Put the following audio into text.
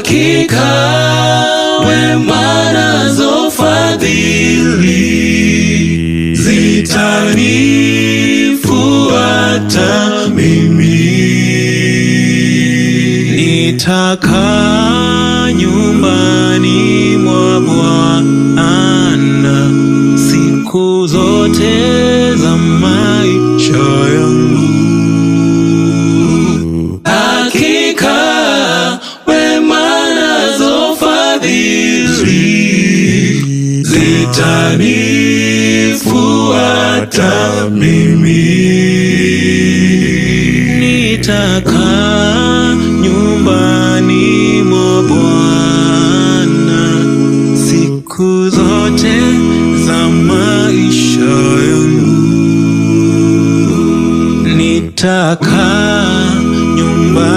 hakika wema nazo fadhili zitanifuata mimi, nitaka nyumbani mwa Bwana siku zote za itanifuata mimi, nitakaa nyumbani mwa Bwana siku zote za maisha yangu, nitakaa nyumbani